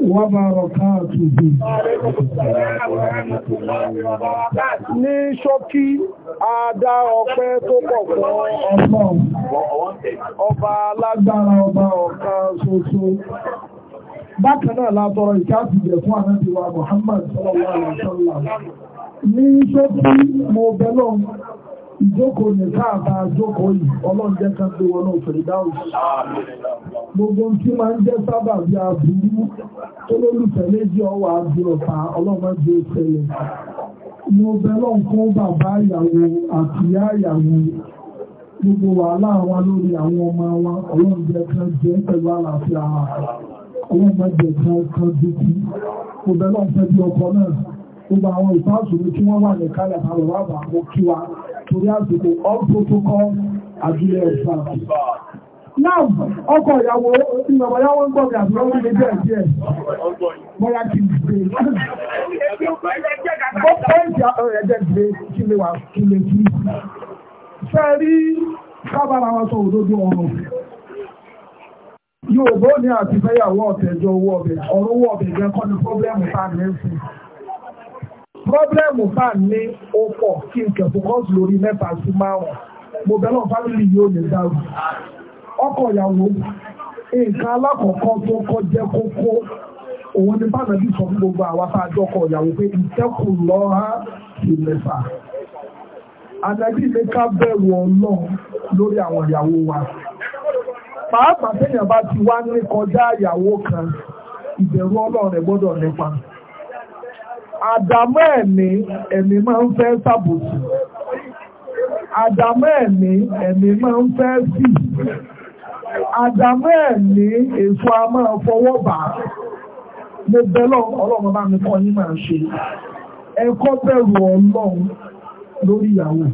wàbàrọ̀káàtùbì. Ní ṣókí, a dá ọpẹ́ tó pọ̀ fún Ọlọ́run, ọba alágbára ọba ọ̀kan ṣoṣo. Bákan náà látọrọ ìkáàtùjẹ fún ànábíwa Muhammad sallallahu alaihi wasallam. Ní ṣókí, mo bẹ̀lọ́ ìjókòó ní ka jókòó yìí ọlọ́njẹ́ kan tó wọ́n náà fèrè gbogbo tí ma ń jẹ́ sábà bí aburú tó lólùfẹ́ méjì ọwọ́ àdúrọ̀fà ọlọ́mọdé àti gbogbo wàhálà lórí àwọn ọmọ wa kan jẹ́ pẹ̀lú àlàáfíà kan kan dúkú bí náà gbogbo àwọn ìfáàsùn tí wọ́n wà ní kálẹ̀ àwọn kí wa torí àsìkò all protocol àjúlẹ̀ ẹ̀sà. Náà ọkọ ìyàwó tí bàbá yá wọ́n gbọ́ mi àti lọ́wọ́ mi bẹ́ẹ̀ díẹ̀. Bọ́yá kí n gbé. Ó pẹ́ ìjà ẹ̀jẹ̀ gbé kí lè wà kí lè kí. Fẹ́ rí kábàrà wa sọ òdodo ọ̀rọ̀. Yóò bó ní àti fẹ́yàwó ọ̀tẹ̀jọ owó ọbẹ̀, ọ̀rọ̀ owó ọbẹ̀ jẹ́ kọ́ ni pọ́blẹ́mù tá a ní ń sìn pọ́blẹ́mù bá ní ó pọ̀ kí n kẹ̀ fòkọ́sì lórí mẹ́ta sí márùn-ún mo bẹ́ẹ̀ náà fámìlì yóò lè dárò ọkọ ìyàwó nǹkan alákọ̀ọ́kọ́ tó kọ́ jẹ́ kókó òun ni bánà bí sọ fún gbogbo àwọn àjọkọ̀ ìyàwó pé ìtẹ́kù lọ́ha ìlẹ̀fà àdàbí ilé ká bẹ̀rù ọlọ́run lórí àwọn ìyàwó wa pàápàá téèyàn bá ti wá ní kọjá ìyàwó kan ìbẹ̀rù ọlọ́run rẹ̀ gbọ́dọ̀ nípa àdámọ́ ẹ̀mí ẹ̀mí máa ń fẹ́ ṣàbòsí àdámọ́ ẹ̀mí ẹ̀mí máa ń fẹ́ sí àdámọ́ ẹ̀mí èso a máa fọwọ́ bà á mo bẹ̀ lọ́wọ́ ọlọ́run bá mi kọ́ yín máa ṣe ẹ̀kọ́ bẹ̀rù ọlọ́run lórí ìyàwó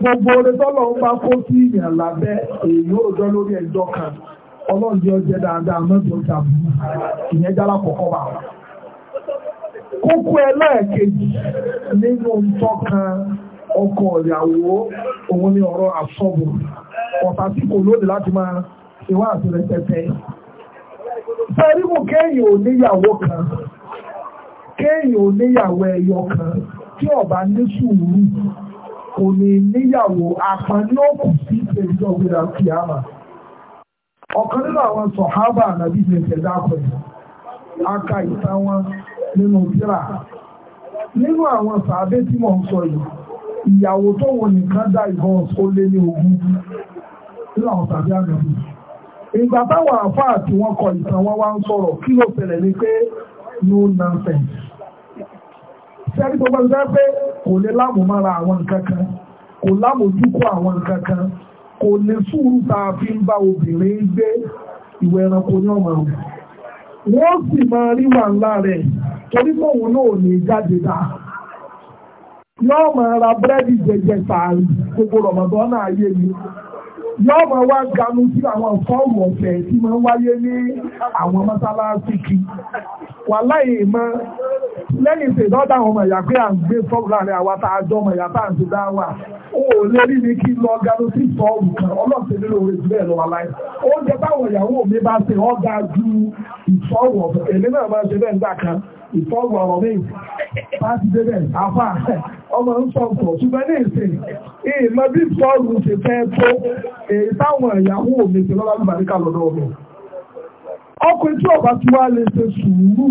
gbogbo orin tọ́lọ̀ ń bá kó sí ìyàn lábẹ́ èyí òòjọ́ lórí ẹjọ́ kan ọlọ́run jẹ́ ọjẹ́ dáadáa mọ́tò ìjàmbá ìyẹn jálá kọ̀ọ̀kan wà. kókó ẹlẹ́ẹ̀kejì nínú tọ́ka ọkọ ìyàwó òun ni ọ̀rọ̀ àsọ̀bù ọ̀tà tí kò lóde láti máa ìwá àti rẹpẹtẹ sẹ́rí mú ò níyàwó kan ò ẹyọ kan tí ọba ní sùúrù kò ní níyàwó àpáńlé si sí ìṣèjọ nínú tíra nínú àwọn sàábé tí mò ń sọ yìí ìyàwó tó wọn nìkan dá ìbọn ó lé ní ogún nínú àwọn sàábé àgbàdo ìgbà táwọn àfáà tí wọ́n kọ ìtàn wọn wá ń sọ̀rọ̀ kí ló ṣẹlẹ̀ ni pé no nonsense sẹ́ni tó gbọ́dọ̀ sẹ́ pé kò lè lámùmára àwọn nǹkan kan kò ní sùúrù tá fi ń bá obìnrin gbé ìwẹ̀ ẹranko ní ọmọ rẹ̀ wọ́n sì máa rí wà ńlá rẹ̀ torí fóun náà ò ní jáde dáa yóò máa ra búrẹ́dì jẹjẹ sàárì gbogbo rọ̀mọ̀dọ́ náà yé mi yóò máa wá ganu sí àwọn fọ́ọ̀mù ọ̀fẹ́ tí máa ń wáyé ní àwọn mọ́sálásí kí wà láyé mọ́ lẹ́yìn ìṣèdọ́dà àwọn ọmọ pé à ń gbé fọ́ọ̀mù láàrin àwa tá a jọ ọmọ ìyá tá à ń ti ganu sí fọ́ọ̀mù kan ọlọ́sẹ̀ ìbílẹ̀ lọ wà láyé oúnjẹ táwọn ìyàwó mi bá ju ìfọ́ọ̀mù ọ̀fẹ́ èmi ìfọ́gbọ̀ ọ̀rọ̀ mi láti débẹ̀ afá ọmọ ń sọ ṣùgbọ́n ní ìsìn ìmọ̀ bí sọ́ọ̀rù ṣe fẹ́ tó èyí táwọn ìyàwó mi ti lọ́la lùbà ní kàlọ́dọ̀ ọ̀dọ̀ ọkùnrin tí ọba tí wàá lè ṣe sùúrù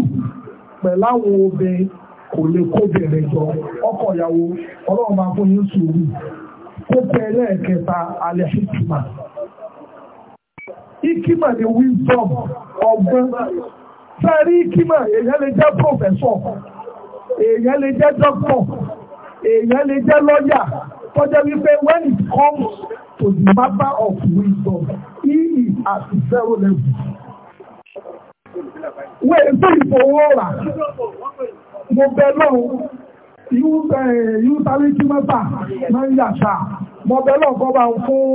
pẹ̀láwọn obìnrin kò lè kó bẹ̀rẹ̀ jọ ìyàwó ọlọ́run máa fún yín sùúrù alẹ́ ni sáré kímọ̀ èèyàn lè jẹ́ pòfẹ́sọ̀ èèyàn lè jẹ́ dọ́kítọ̀ èèyàn lè jẹ́ lọ́yà tọ́jọ́ wípé when it comes to the matter of wisdom he is at zero level. wẹ́ẹ̀ tó ìfowó rà mo bẹ lọ́run yíwú sáré kímọ̀ tà máa ń yàtà mo bẹ lọ́run kọ́ bá ń fún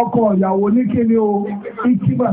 ọkọ ìyàwó ní kíni o ìkímọ̀.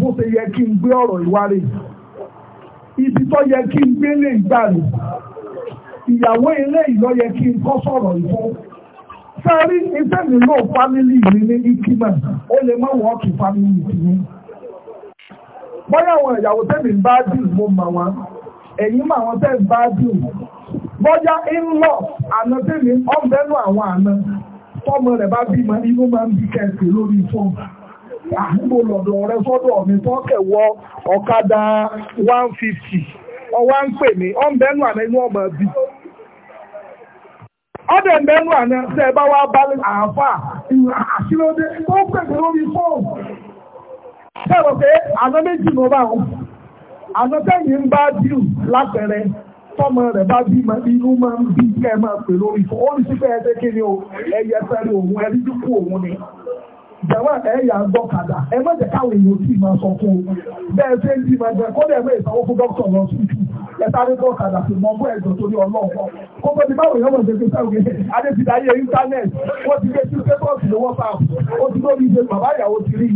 bó ṣe yẹ kí n gbé ọ̀rọ̀ ìwárè ibi tó yẹ kí n gbé lè gbà rè ìyàwó ilé ìlọ yẹ kí n kọ́ sọ̀rọ̀ ìfún sáré iṣẹ́ mi náà fámílì mi ní ikima ó lè má wọ́n kí fámílì tìmí bóyá àwọn ìyàwó tẹ́mi ń bá dìl mo mà wá ẹ̀yìn mà wọ́n tẹ́mi bá dìl bóyá ńlọ àná tẹ́mi ọ̀bẹ́nu àwọn àná tọ́mọ rẹ̀ bá bímọ inú máa ń bí kẹ̀kẹ́ lórí fún un. àgbò lọ́dọ̀ rẹ sọ́dọ̀ mi tó kẹ̀wọ́ ọ̀kadà 150 ọwá ń pè mí ọ́n àná inú ọmọ bí ọdẹ bẹ́nu àná tẹ́ bá wá balẹ̀ àáfà àṣíròdé tó pẹ̀lú lórí fóònù sẹ́rọ̀ pé àná méjì ló bá wọn àná tẹ́yìn ń bá tọ́mọ rẹ̀ bí inú máa ń bí kẹ́ máa pè lórí fóònù ó ní sípẹ́ ẹ jẹ̀wọ́ ẹ̀yà ń dọ́kadà ẹ má jẹ́ káwọn èèyàn sì máa sọ fún un bẹ́ẹ̀ ṣe ń di máa jẹ kó lè mú ìsanwó fún dókítà lọ sí ìtù ẹ sáré dọ́kadà sí mọ́ bó ẹ̀jọ̀ torí ọlọ́run kó tó di báwo èèyàn mọ̀ ṣe fi sẹ́wọ̀n yẹn adé ti dá yé íńtánẹ́ẹ̀tì wọ́n ti gbé sí pépọ́ọ̀sì ní WhatsApp ó ti lórí iṣẹ́ bàbá ìyàwó ti rí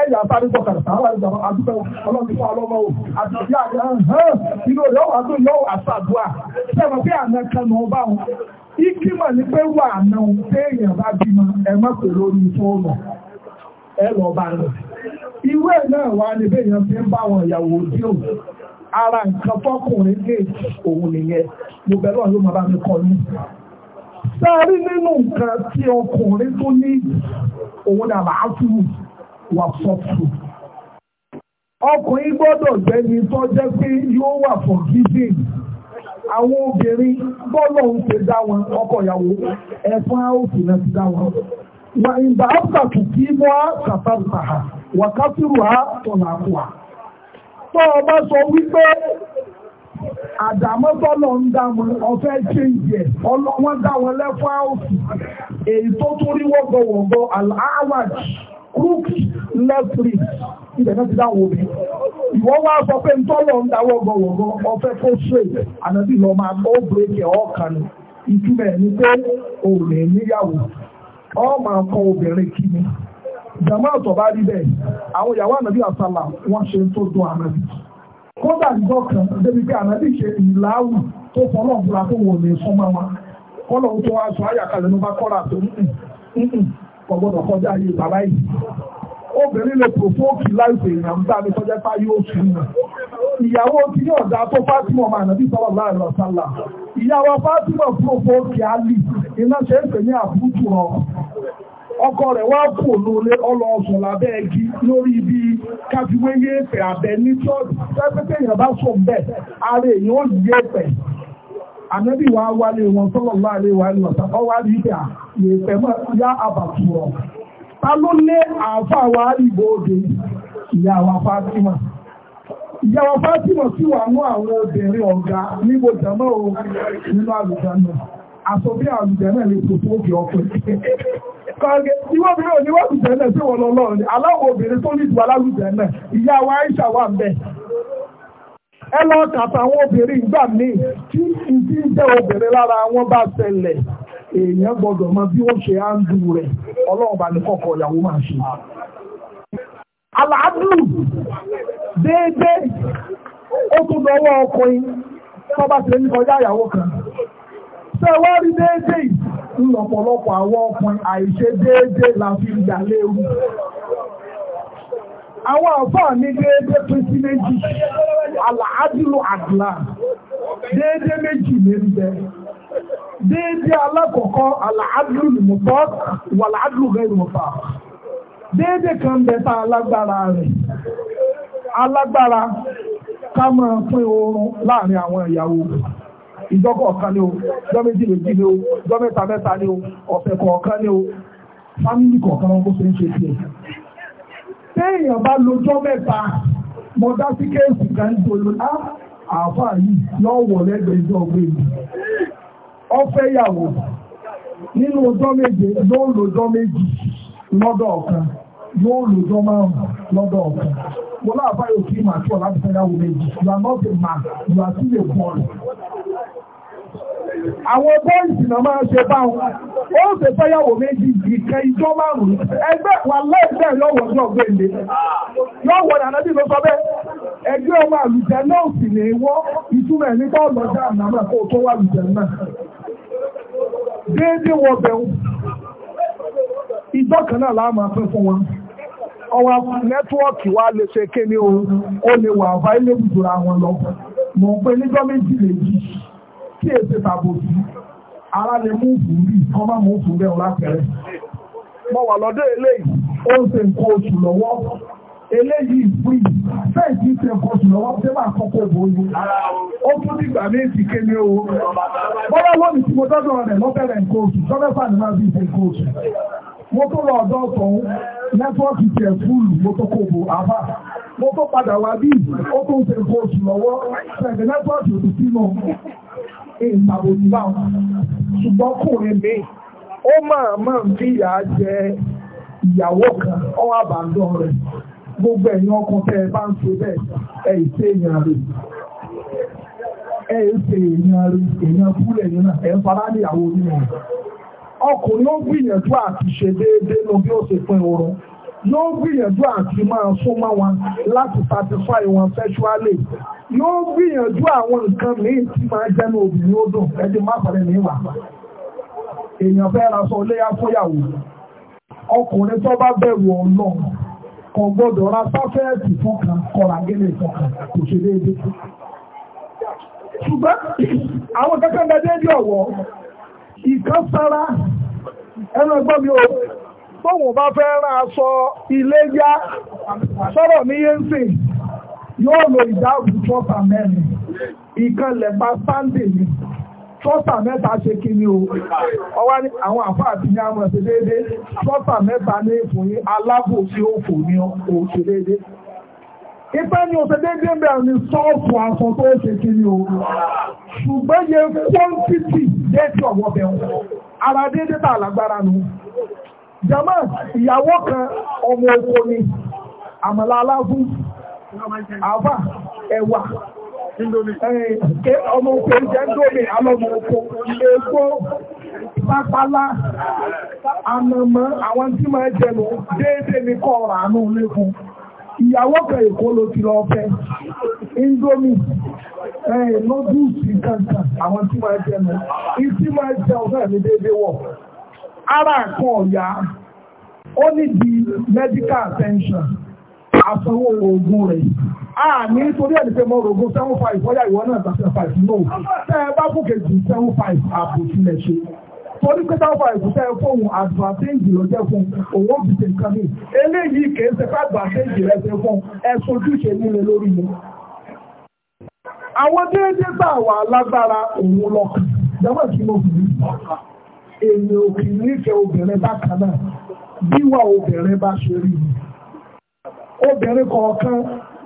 ẹ̀yà sáré dọ́kadà sàrà ìgbà àdúgbò ọlọ́run fún ọlọ́mọ o àti ìyá àgbà hàn inú rẹ̀ wà tó yọ àṣàdúà sẹ́wọ̀n pé àná kanu ọba wọn ìkímọ̀ ní pé wà náà téèyàn bá bímọ ẹ̀ má pè lórí fóònù ẹ lọ bá lọ. Ìwé náà wà níbi èèyàn fi ń bá àwọn ìyàwó dí òun. Ara nǹkan tọkùnrin lè òun nìyẹn. Mo bẹ̀rù ọ̀hún máa bá mi kọ ní. Sáré nínú nǹkan tí ọkùnrin tó ní òun ni àlàáfíù wà sọ́tù. Ọkùnrin gbọ́dọ̀ gbẹ́ni tó jẹ́ pé yóò wà fún gídìn àwọn obìnrin bọ́lọ̀ ń ṣe dá wọn ọkọ ìyàwó ẹ̀fọn áòsì náà ti dá wọn وإن ضعفت تقيمها كفرتها وكفرها ha tó o bá sọ wípé àdàmọ́tọ́lọ̀ ń dá wọn ọ̀fẹ́ chéńjì ẹ̀ ọlọ́wọ́n dá wọn lẹ́fọ́ àwòsì èyí tó tún rí aláwàj crooked left wrist náà ti dá wọn ìwọ́ wá sọ pé ń tọ́lọ̀ ń dá wọ́gọ̀wọ̀gọ̀ ọ̀fẹ́ kó straight ànábì lọ́ọ́ máa ó ìtumẹ̀ ní pé òun lè níyàwó ọ ma kọ obìnrin kí ni jama ọ̀tọ̀ bá àwọn ìyàwó ànábì àsálà wọ́n ṣe tó dùn ànábì kódà ń dọ́kan débi pé ànábì ṣe ìlàáwù tó fọlọ́ ọ̀bùra tó wò lè fún máa kọ́lọ̀ kọjá bàbá yìí obìnrin lè provoke láìpẹ́ èèyàn gbá mi tọ́jẹ́ pa yóò sùn mọ́ ìyàwó tí yóò dá tó fátímọ̀ máa nàbí sọ́rọ̀ láàrin ọ̀sánlá ìyàwó fátímọ̀ provoke alì iná ṣe ń pè ní àbútù rọ ọkọ rẹ̀ wá kò lóore ọlọ́ọ̀sùn lábẹ́ ẹgi lórí ibi káfíwé yéèpẹ̀ abẹ ní ṣọ́ọ̀dù pẹ́pẹ́pẹ́ èèyàn bá sùn bẹ́ẹ̀ ara èèyàn ó yéèpẹ̀ ànábì wa wálé wọn sọ́rọ̀ láàrin wa ni ọ̀sán ọwá rí ìgbà yéèpẹ̀ mọ́ yá àbàtù rọ̀ ta ló lé àáfà wa ìbò òde ìyàwó Fátímà ìyàwó Fátímà sí wà mú àwọn obìnrin ọ̀gá níbo jàmọ́ o nínú àlùjáná àṣọ bí àlùjáná lè tó tó òkè ọkùnrin kọ́ọ̀gẹ́ ìwọ́ obìnrin ò ní wọ́n àlùjáná sí wọn lọ́lọ́ ni aláwọ̀ obìnrin tó ní ìdùn alálùjáná ìyàwó ọlọ́ọ̀bá ní kọ́kọ́ ìyàwó máa ṣe aláàbù déédé ó tún lọ́wọ́ ọkùnrin, yìí tó ti ní kọjá ìyàwó kan ṣe rí déédé ńlọpọ̀lọpọ̀ àwọn ọkùnrin àìṣe déédé la fi léwu àwọn àfáà ní déédé pín sí méjì aláàbù àgbà déédé méjì lè déédé alákọ̀ọ́kọ́ àlàádùn lùmùtọ́ wà láàádùn rẹ̀ lùmùfà déédé kan bẹ̀ta alágbára rẹ̀ alágbára ká máa pín oorun láàrin àwọn ìyàwó ìjọ́kọ̀ ọ̀kan ni o jọ́méjì méjì ni o jọ́mẹ́ta mẹ́ta ni o ọ̀sẹ̀ kọ̀ọ̀kan ni o fámílì kọ̀ọ̀kan wọn kó ṣe ń ṣe tiẹ̀ téèyàn bá lójọ́ mẹ́ta mo dá sí kéèsì kan tó lò á àáfàá yìí yọ wọ̀ lẹ́gbẹ̀ẹ́ ìjọ ọgbẹ́ mi ọfẹ́ yàwó nínú ọjọ́ méje yóò méjì lọ́dọ̀ ọ̀kan yóò lọ́jọ́ márùn lọ́dọ̀ ọ̀kan mo láàbá yóò kí màá tí ọ̀la fẹ́ yàwó méjì you are not a àwọn máa ṣe ó ṣe méjì ìkẹ́ ìjọ márùn ẹgbẹ́ wà lẹ́gbẹ́ yọ̀wọ̀ ní déédé wọ bẹ̀rù ìjọ kan náà láàmà pín fún wọn ọwọ́ nẹ́tíwọ́ọ̀kì wa lè ṣe kéde o ó lè wà available jùlọ àwọn lọ mọ̀ pé níjọ́ méjì lè jì kí èsè tàbòsí ara lè mú òfin bí kọ́ má mú òfin bẹ́ẹ̀ lápẹ̀rẹ̀ mo wà lọ́dọ̀ eléyìí ó ń ṣe nǹkan oṣù lọ́wọ́ eléyìí free fẹ́ẹ̀sì tẹ kọsù lọ́wọ́ tẹ́ máa kọ́kọ́ bò ó ó tún nígbà méjì ké ní owó bọ́lá wọ́n tí mo tọ́jú ọ̀rẹ́ lọ́bẹ̀rẹ̀ ní máa mo tó lọ ọ̀dọ́ ọ̀tọ̀hún mo tó àbá mo tó padà wá bí ó ṣe lọ́wọ́ nẹ́tíwọ́ọ̀kì ṣùgbọ́n mi ó máa máa ń fi jẹ ìyàwó kan rẹ̀ gbogbo ẹ̀yin ọkùn tẹ́ ẹ bá ń ṣe bẹ́ẹ̀ ẹ ìṣe èèyàn rẹ̀ ẹ ìṣe èèyàn rẹ̀ èèyàn kúlẹ̀ yìí náà ẹ̀ ń fara ní ìyàwó onímọ̀ ọkùnrin ó gbìyànjú àti ṣe déédéé lọ bí ó ṣe pín oorun yóò gbìyànjú àti máa súnmọ́ wọn láti satisfy wọn sexually yóò gbìyànjú àwọn nǹkan míì tí máa jẹ́nu obìnrin ó dùn ẹdí má pẹ̀lẹ́ ní ìwà èèyàn fẹ́ ra sọ léyà fúnyàwó ọkùnrin tó bá bẹ̀rù ọlọ́run kò gbọ́dọ̀ ra sáfẹ́ẹ̀tì fọ́kàn kọ̀rọ̀ àgẹ́lẹ̀ fọ́kàn kò ṣe déédé ṣùgbọ́n àwọn kẹ́kẹ́ bẹ déédé ọ̀wọ́ ìkan sára ẹnu ẹgbọ́n mi ò tóun bá fẹ́ ra aṣọ ilé yá sọ́rọ̀ mi yé ń sìn yóò lo ìdáàbò trọ́pà mẹ́rin ìkan lẹ̀pa sáńdè ni trọ́sà mẹ́ta ṣe kí ni o ọwá ní àwọn àfáà ti ní àmọ̀ ṣe déédé trọ́sà mẹ́ta ní ìfún yín alábò tí ó fò ní o ṣe déédé ipẹ́ ni o ṣe déédé bẹ̀rẹ̀ ní sọ́ọ̀fù aṣọ tó ṣe kí ni o ṣùgbọ́n yẹ quantity déédé ọ̀wọ́ bẹ̀rẹ̀ ara déédé tà lágbára nu jama ìyàwó kan ọmọ ọmọ oko jẹ́ ndómi alọ́mọ oko èkó pápálá ànàmọ́ àwọn tí máa jẹnu déédéé ní kọ́ ọ̀rọ̀ àánú lékun ìyàwó kan èkó ló ti lọ fẹ́ indomi nọ́dúùsì kankan àwọn tí máa jẹnu ìtí máa jẹ ọ̀fẹ́ mi déédéé wọ̀ ara kan ọ̀yà ó nídìí medical attention àsanwó oògùn rẹ̀ àmì nítorí ẹni pé mo rògùn seven five bóyá ìwọ náà ta seven five no tẹ́ ẹ bá bùkè ju seven five ààbò tilẹ̀ ṣe torí pé seven five tẹ́ ẹ fóun advantage ló jẹ́ fún owó bìtẹ nǹkan mi eléyìí kìí ṣe ká advantage rẹ ṣe fún ẹ sojúṣe nílé lórí mi. àwọn déédéé tá a wà lágbára òun lọkàn jẹ́wọ́ kí mo fi èmi ò kì í nífẹ̀ẹ́ obìnrin bákan náà bíwá obìnrin bá ṣe rí mi obìnrin kọ̀ọ̀kan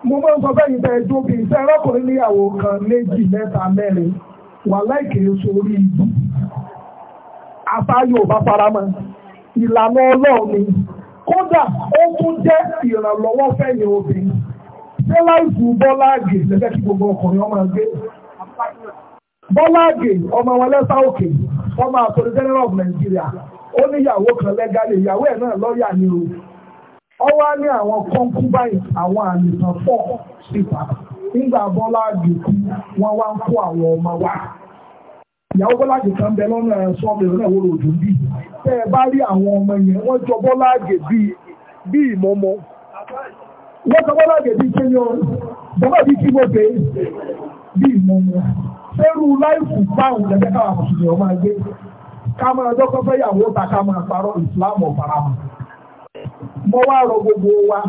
mo máa ń sọ bẹ́ẹ̀ yìí bẹ́ẹ̀ jó bí iṣẹ́ arákùnrin níyàwó kan méjì mẹ́ta mẹ́rin wà láìkèrè sórí ibi àṣà Yorùbá faramọ́ ìlànà Ọlọ́run ni kódà ó tún jẹ́ ìrànlọ́wọ́ obìnrin ṣé ọmọ gbé general of Nigeria ó níyàwó kan lẹ́gàlè ìyàwó ẹ̀ náà lọ́ọ̀yà ọ wá ní àwọn kọ́ńkú báyìí àwọn àmì kan pọ̀ síta nígbà bọ́lá àjòkú wọn wá ń kó àwọn ọmọ wa ìyàwó bọ́lá àjòkú ń bẹ lọ́nà ẹ̀sọ́ ọmọbìnrin náà wọ́n lòdù bí tẹ́ ẹ bá rí àwọn ọmọ yẹn wọ́n jọ bọ́lá àjè bí ìmọ̀mọ́ wọ́n jọ bọ́lá àjè bí kéyọ bọ́lá bí kí mo pè é bí ìmọ̀mọ́ fẹ́rù láìkù báwọn lẹ́fẹ́ káwọn àmọ̀sùn mo wá gbogbo wa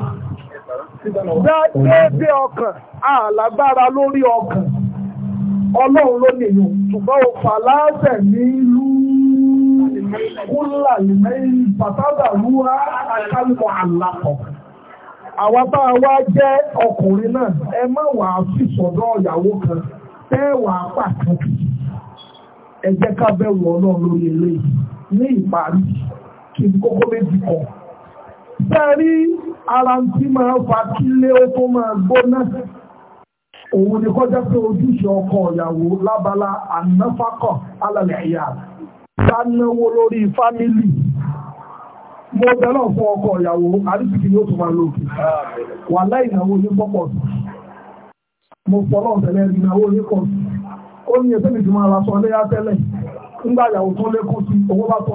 déédé ọkàn àlágbára lórí ọkàn ọlọ́run ló nìyàn ṣùgbọ́n o fà ní ìlú kúlà pàtàkì àwọn bá wá jẹ́ ọkùnrin náà ẹ máa wà á kan tẹ́wàá pàtàkì lórí ní ìparí kí n Bẹ́ẹ̀rí ara tí máa fa kí lé máa gbóná. Òun ni kọjá pé ojúṣe ọkọ ìyàwó lábala ànáfàkọ̀ alàlẹ̀ ìyá. Sánáwó lórí fámílì. Mo bẹ̀rẹ̀ fún ọkọ ìyàwó, àríṣìkì yóò tún máa Wà ní pọ́pọ̀ sí. Mo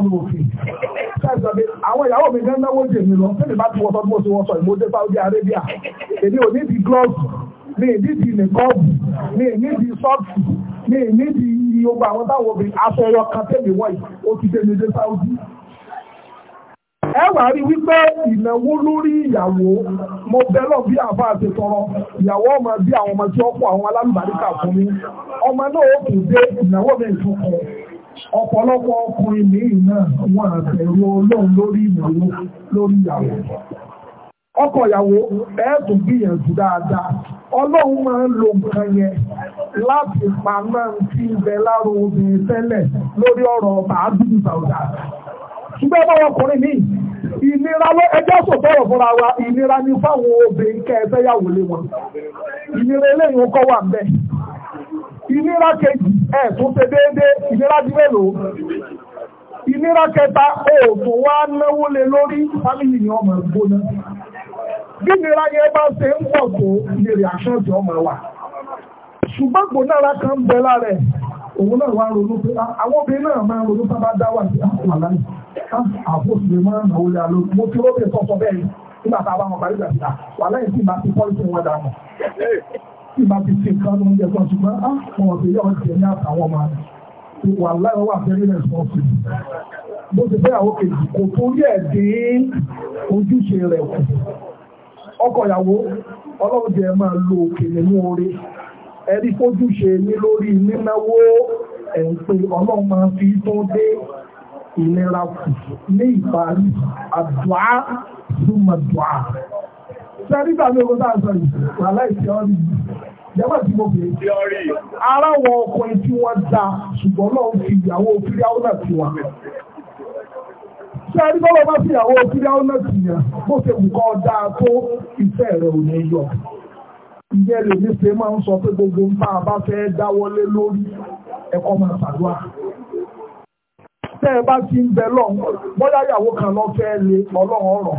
ṣàìsàbí àwọn ìyàwó mi gan náwó jè mí lọ tẹ́lẹ̀ bá ti wọ́sọ́ bí mo ṣe wọ́sọ ìmọ̀ọ́dé Saudi Arabia èmi ò ní di glove mi ní di nìkọ́ọ̀bù mi ní di sọ́ọ̀tù mi ní di iye ogun àwọn táwọn obìnrin aṣọ ẹyọ kan tẹ́lẹ̀ wọ̀nyí ó ti dé mi dé Saudi. ẹ wà rí wípé ìnáwó lórí ìyàwó mo bẹ lọ bí àfa àti tọrọ ìyàwó ọmọ bí àwọn ọmọ tí ó kọ àwọn alálùbáríkà fún mi ọmọ náà ó kù dé ìnáwó mi ìtúkọ ọ̀pọ̀lọpọ̀ ọkùnrin mìí náà wọ́n àtẹ̀rù ọlọ́run lórí ìnáwó lórí ìyàwó ọkọ ìyàwó ẹ̀ẹ́dùn gbìyànjú dáadáa ọlọ́run máa ń lo nǹkan yẹn láti pa náà tí ń bẹ lára obìnrin tẹ́lẹ̀ lórí ọ̀rọ̀ ṣùgbọ́n ọkùnrin ìnira ló ẹjọ́ sòtọ́rọ̀ fúnra wa ìnira ni fáwọn obìnrin yàwó lé wọn ìnira ìnira kejì ẹ̀ tó ṣe déédé ìnira dílé lò ìnira kẹta òòtò wá náwó lé lórí fámìlì ni ọmọ gbóná bí ìnira yẹn bá ṣe ń pọ̀ tó ilé rẹ̀ àṣọ ti ọmọ wà ṣùgbọ́n gbónára kan ń bẹ lára ẹ̀ òun náà wá ronú pé ah, àwọn obìnrin náà máa ronú sábà dá wà sí ah, àpò àlàyé ah, àpò òsì lè máa náwó lé alórí mo ti róbè sọ́sọ́ bẹ́ẹ̀ nígbà tá a bá wọn parí ìgbà sí wà láyé sí máa tí bá ti ṣe nǹkan lóúnjẹ kan ṣùgbọ́n á wọn ọ̀sẹ̀ yọ ọ̀jẹ̀ ní àtàwọn ọmọ rẹ̀ tó wà láyọ̀ wà very responsible bó ti fẹ́ àwọn kejì kò torí ẹ̀ dín ojúṣe rẹ̀ kù ọkọ ìyàwó ọlọ́run jẹ́ máa lo òkè nínú oore ẹ̀rí fójúṣe ní lórí nínáwó ẹ̀ ń pe ọlọ́run máa fi tún dé ìnira kù ní ìparí àdúrà súnmọ́ àdúrà ṣe nígbà mi ogun tá a i jẹ́mọ̀ tí mo bèèrè ara wọn ọkùnrin tí wọ́n da ṣùgbọ́n náà fi ìyàwó fíríàwó náà ti wà ṣe àrí bọ́lá bá fi ìyàwó fíríàwó náà ti yàn bó ṣe nǹkan ọ̀dà tó ìfẹ́ rẹ̀ ò ní yọ ìyẹn lè ní ṣe máa ń sọ pé gbogbo ń bá a bá fẹ́ dáwọ́lé lórí ẹ̀kọ́ máa ṣàdúrà tẹ́ ẹ bá ti ń bẹ lọ́hùn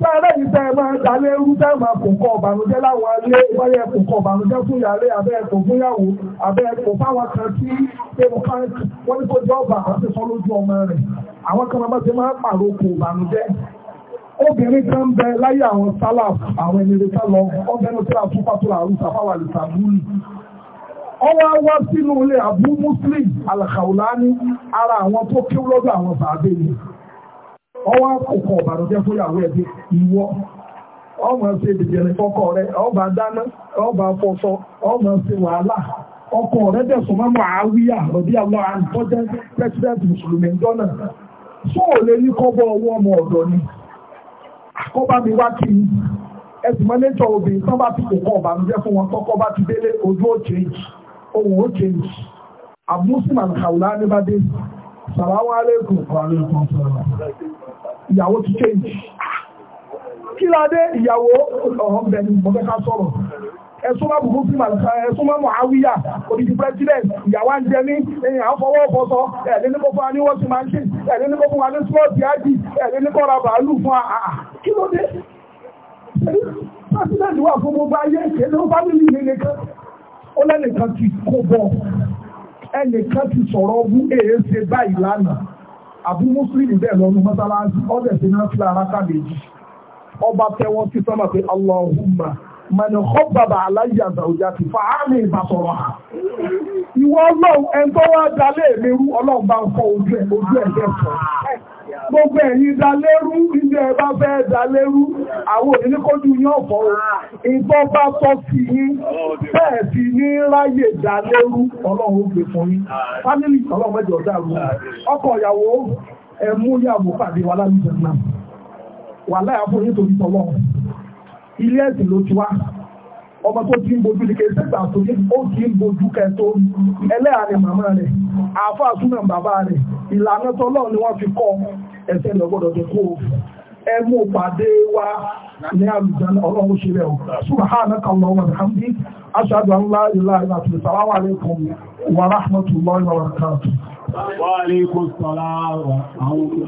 Sáré ìfẹ́ máa dalé rúfẹ́ máa kò kọ ọ̀bànújẹ́ láwọn alé wáyé ẹ̀kùn kọ ọ̀bànújẹ́ fún ìyàlé abẹ́ ẹ̀kùn fúnyàwó abẹ́ ẹ̀kùn fáwọn kan tí ewu kan wọ́n ní kó jẹ́ ọ̀bà àti sọ lójú ọmọ rẹ̀. Àwọn kan máa ti máa pàrọ̀ kò ọ̀bànújẹ́. Obìnrin kan ń bẹ láyé àwọn sálàf àwọn ènìyàn sálọ ọ̀bẹ̀nu tí a tún fàtúrà àrùsà fáwà lè sàbúrì. Ọwọ́ wá sínú ilé Abu Muslim Al-Khawlani ara àwọn tó kéwú lọ́dọ̀ àwọn sàbẹ̀ yìí. akụkọ àkókò ọ̀bànújẹ́ fúyàwó ẹ̀bí ìwọ ọmọ ṣe ìdìjẹ̀rẹ̀ fọ́kọ rẹ ọba dáná ọba fọṣọ ọmọ wàhálà ọkọ rẹ dẹ̀sùn mọ́ àwíyà lọ́bí àwọn àǹtọ́jẹ́ president mùsùlùmí jọ́nà tó ò lè ní kọ́bọ̀ ọwọ́ ọmọ ọ̀dọ́ ni ni ti wọn bá ti délé ojú ní bá dé Sàláwọ́ aléèkùn fàálẹ́ ìfún sọ́rọ̀. Ìyàwó ti change. Kí ládé ìyàwó ọ̀hún bẹ̀rẹ̀ mọ̀kẹ́ká sọ̀rọ̀. Ẹ̀sùn máa bùkún sí Màlùkà, ẹ̀sùn máa mọ̀ àwíyà, òdìdí president, ìyàwó ń jẹ ní ẹ̀yìn àfọwọ́ ọ̀fọ́sọ, ẹ̀lẹ́ ní gbogbo aníwọ́ sí máa ń ṣe, ẹ̀lẹ́ ní gbogbo aní slọ́ọ̀tì ájì, ẹ̀lẹ́ ní kọ́ra bàálù fún àà. Kí ló dé? President wà fún gbogbo ayé, èdè ó bá nílì nìkan. Ó lẹ́nìkan ti kó bọ̀ ẹnìkan ti sọ̀rọ̀ bú èéṣe báyìí lánàá àbú mùsùlùmí bẹ́ẹ̀ lọ́nu mọ́sálásí ọ̀dẹ̀ sí náà fi ara kábèjì ọba tẹ́wọ́ sí sọ́mà pé Allahumma mọ̀nà ọ̀bàbà aláyà zàwùjá ti fa àmì ìbásọ̀rọ̀ ha ìwọ ọlọ́run ẹ̀ńtọ́ wá dalé mi rú ọlọ́run bá ń kọ ojú ẹ̀ ojú ẹ̀ bẹ́ẹ̀ fọ́ Gbogbo ẹ̀yìn dalérú, ilé ẹbá fẹ́ dalérú, àwọn òní kójú ọ̀fọ́ ìbọn bá tọ́ sí yín, bẹ́ẹ̀ sí ní ráyè dalérú, ọlọ́run ó gbé fún yín. Ọkọ ọmọ tó ti ń bojú ní kẹsẹ̀ gbà ní ó ti ń bojú kẹtó ẹlẹ́yà ni màmá rẹ̀ àáfàá súnà bàbá rẹ̀ ìlànà tọ́lọ́ ni wọ́n fi kọ́ ẹsẹ̀ lọ́gbọ́dọ̀ tó kú ẹmú pàdé wa ní àlùjáná ọlọ́run